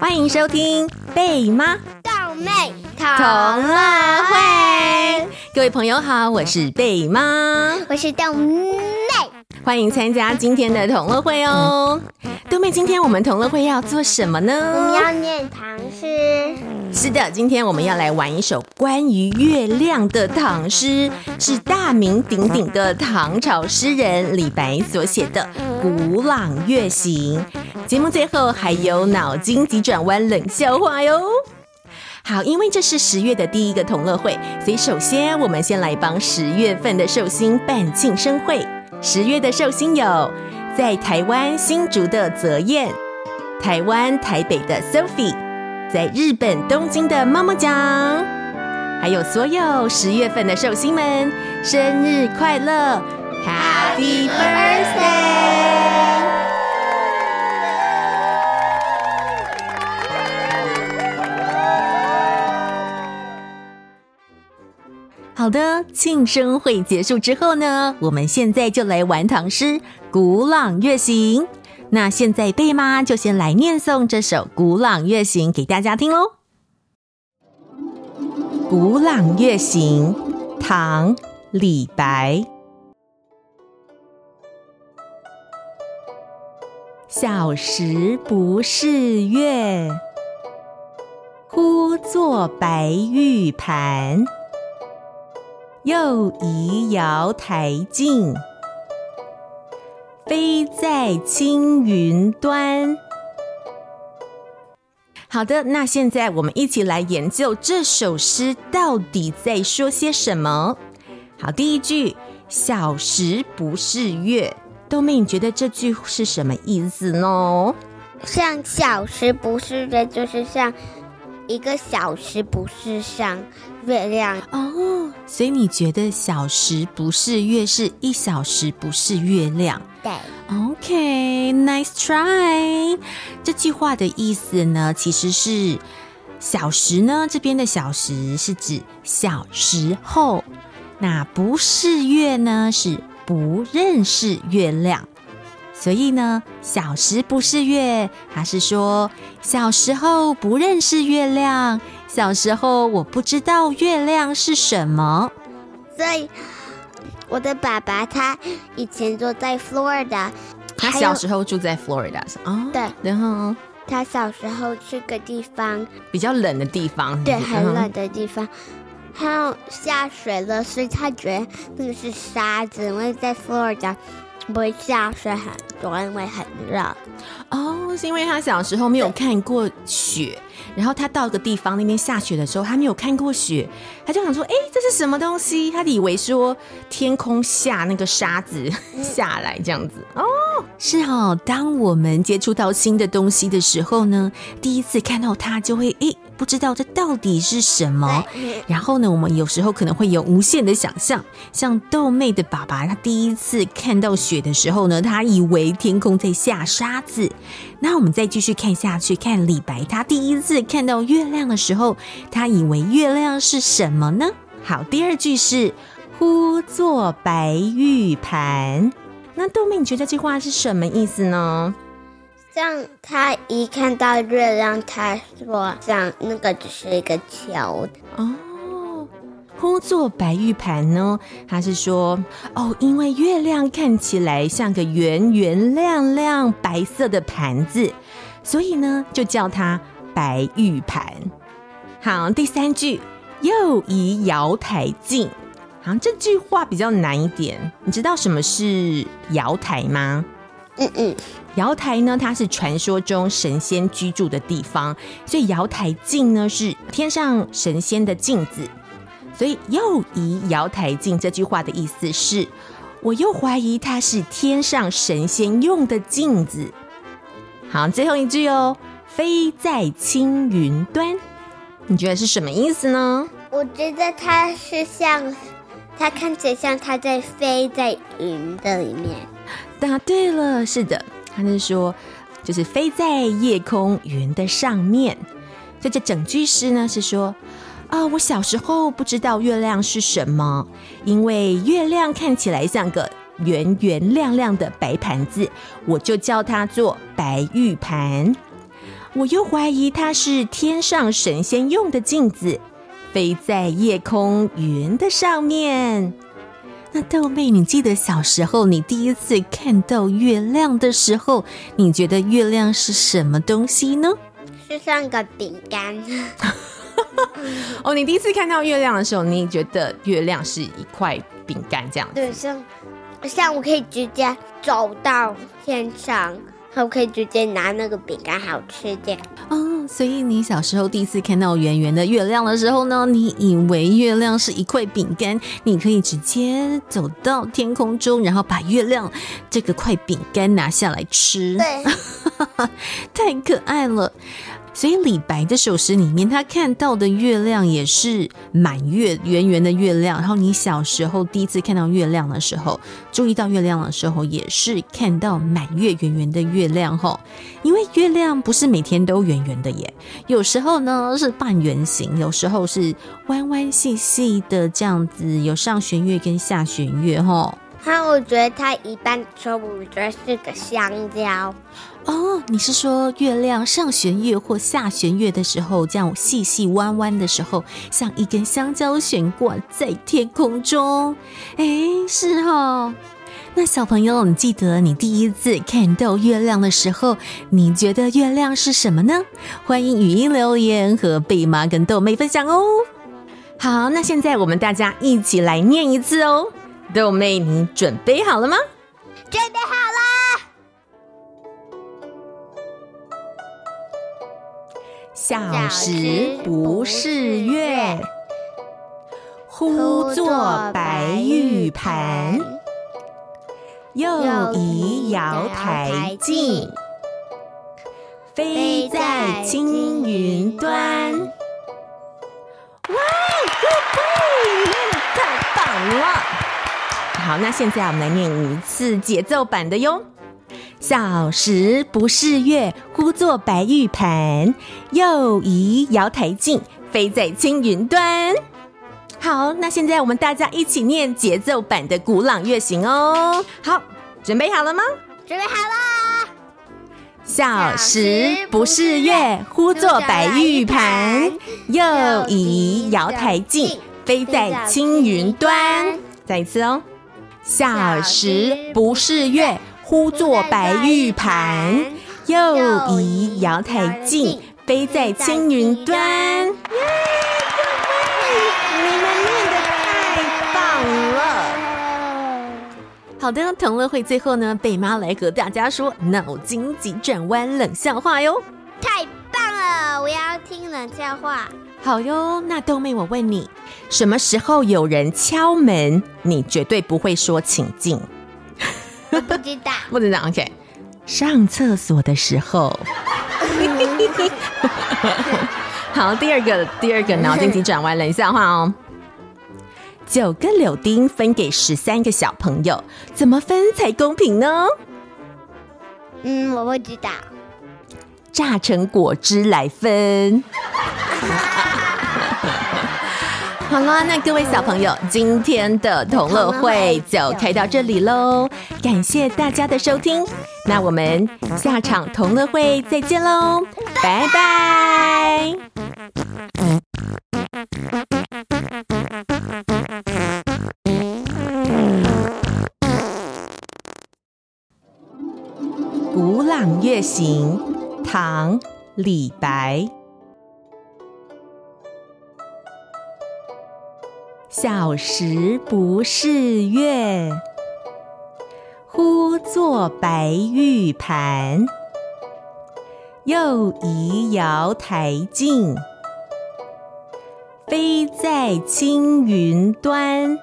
歡迎收聽貝媽豆妹同樂會，各位朋友好，我是貝媽，我是豆妹，歡迎參加今天的同樂會哦。豆妹，今天我們同樂會要做什麼呢？我們要念唐詩。是的，今天我們要來玩一首關於月亮的唐詩，是大名鼎鼎的唐朝詩人李白所寫的《古朗月行》。節目最後還有腦筋急轉彎、冷笑話喲。好，因為這是十月的第一個同樂會，所以首先我們先來幫十月份的壽星辦慶生會。十月的壽星有在台灣新竹的澤彥，台灣台北的 Sophie。在日本東京的 Momo 醬，還有所有十月份的壽星們，生日快樂！Happy birthday！好的，慶生會結束之後呢，我們現在就來玩唐詩《古朗月行》。那現在貝媽就先來念誦這首《古朗月行》給大家聽嘍。《古朗月行》，唐·李白。小時不識月，呼作白玉盤，又疑瑤臺鏡。飛在青雲端。好的，那現在我們一起來研究這首詩到底在說些什麼。好，第一句“小時不識月”，豆妹你覺得這句是什麼意思呢？像小時不識月，就是像。一個小時不是上月亮哦，oh, 所以你覺得小時不是月，是一小時不是月亮。對，OK，nice try。這句話的意思呢，其實是小時呢這邊的小時是指小時候，那不是月呢是不認識月亮。所以呢，小時不識月，還是說小時候不認識月亮，小時候我不知道月亮是什麼。所以，我的爸爸他以前住在 Florida，他小時候住在 Florida 有。哦，對，然後他小時候去個地方比較冷的地方，對，很冷的地方，他有、嗯、哼下水了，所以他覺得那個是沙子，因為在 Florida。不會下雪很多，因為很熱。哦，oh, 是因為他小時候沒有看過雪，對然後他到一個地方，那邊下雪的時候，他沒有看過雪，他就想說：“哎，這是什麼東西？”他以為說天空下那個沙子 下來這樣子。哦，oh, 是哦，當我們接觸到新的東西的時候呢，第一次看到它就會哎。誒不知道這到底是什麼？然後呢，我們有時候可能會有無限的想象，像豆妹的爸爸，他第一次看到雪的時候呢，他以為天空在下沙子。那我們再繼續看下去，看李白，他第一次看到月亮的時候，他以為月亮是什麼呢？好，第二句是“呼作白玉盤”。那豆妹，你覺得這句話是什麼意思呢？像他一看到月亮，他說像那個只是一個球哦。呼作白玉盤呢，他是說哦，因為月亮看起來像個圓圓亮亮白色的盤子，所以呢就叫它白玉盤。好，第三句，又疑瑤台鏡，好像這句話比較難一點。你知道什麼是瑤台嗎？嗯嗯，瑤臺呢，它是傳說中神仙居住的地方，所以瑤臺鏡呢，是天上神仙的鏡子，所以又疑瑤臺鏡這句話的意思是，我又懷疑它是天上神仙用的鏡子。好，最後一句哦，飛在青雲端，你覺得是什麼意思呢？我覺得它是像。它看起來像它在飛在雲的裡面。答對了，是的，他是說就是飛在夜空雲的上面。所以這整句詩呢，是說啊，我小時候不知道月亮是什麼，因為月亮看起來像個圓圓亮亮的白盤子，我就叫它做白玉盤。我又懷疑它是天上神仙用的鏡子。飛在夜空雲的上面。那豆妹，你記得小時候你第一次看到月亮的時候，你覺得月亮是什麼東西呢？是像個餅乾。哦，你第一次看到月亮的時候，你覺得月亮是一塊餅乾這樣？對，像，像我可以直接走到天上。可不可以直接拿那個餅乾好吃點哦。所以你小時候第一次看到圓圓的月亮的時候呢，你以為月亮是一塊餅乾，你可以直接走到天空中，然後把月亮這個塊餅乾拿下來吃。對， 太可愛了。所以李白這首詩裡面，他看到的月亮也是滿月圓圓的月亮。然後你小時候第一次看到月亮的時候，注意到月亮的時候，也是看到滿月圓圓的月亮吼。因為月亮不是每天都圓圓的耶，有時候呢是半圓形，有時候是彎彎細細的這樣子，有上弦月跟下弦月哈，那我覺得它一半錯誤，我覺得是個香蕉。哦，你是說月亮上弦月或下弦月的時候，這樣細細彎彎的時候，像一根香蕉懸掛在天空中。哎，是哈、哦。那小朋友，你記得你第一次看到月亮的時候，你覺得月亮是什麼呢？歡迎語音留言和貝媽跟豆妹分享哦。好，那現在我們大家一起來念一次哦。豆妹，你準備好了嗎？準備好了。小時不識月，呼作白玉盤。又疑瑤臺鏡，飛在青雲端。哇、wow，Good boy，太棒了！好，那現在我們來念一次節奏版的喲。小時不識月，呼作白玉盤。又疑瑤台鏡，飛在青雲端。好，那現在我們大家一起念節奏版的《古朗月行》哦。好，準備好了嗎？準備好了。小時不識月，呼作白玉盤。又疑瑤台鏡，飛在青雲端。再一次哦。小時不識月。呼作白玉盤，又疑瑤臺鏡，飛在青雲端 yeah。對，Yeah, 你們念的太棒了。Yeah, 好的，同樂會最後呢，貝媽來和大家說腦筋急轉彎冷笑話喲。太棒了，我要聽冷笑話。好喲，那豆妹，我問你，什麼時候有人敲門，你絕對不會說請進？我不知道，不知道 OK。上廁所的時候，好，第二個第二個腦筋急轉彎冷笑話哦。九 個柳丁分給十三個小朋友，怎麼分才公平呢？嗯，我不知道。榨成果汁來分。 好啦，那各位小朋友，今天的同樂會就開到這裡嘍，感謝大家的收聽，那我們下場同樂會再見嘍，拜拜 bye。嗯《古朗月行》，唐·李白。小時不識月，呼作白玉盤。又疑瑤臺鏡，飛在青雲端。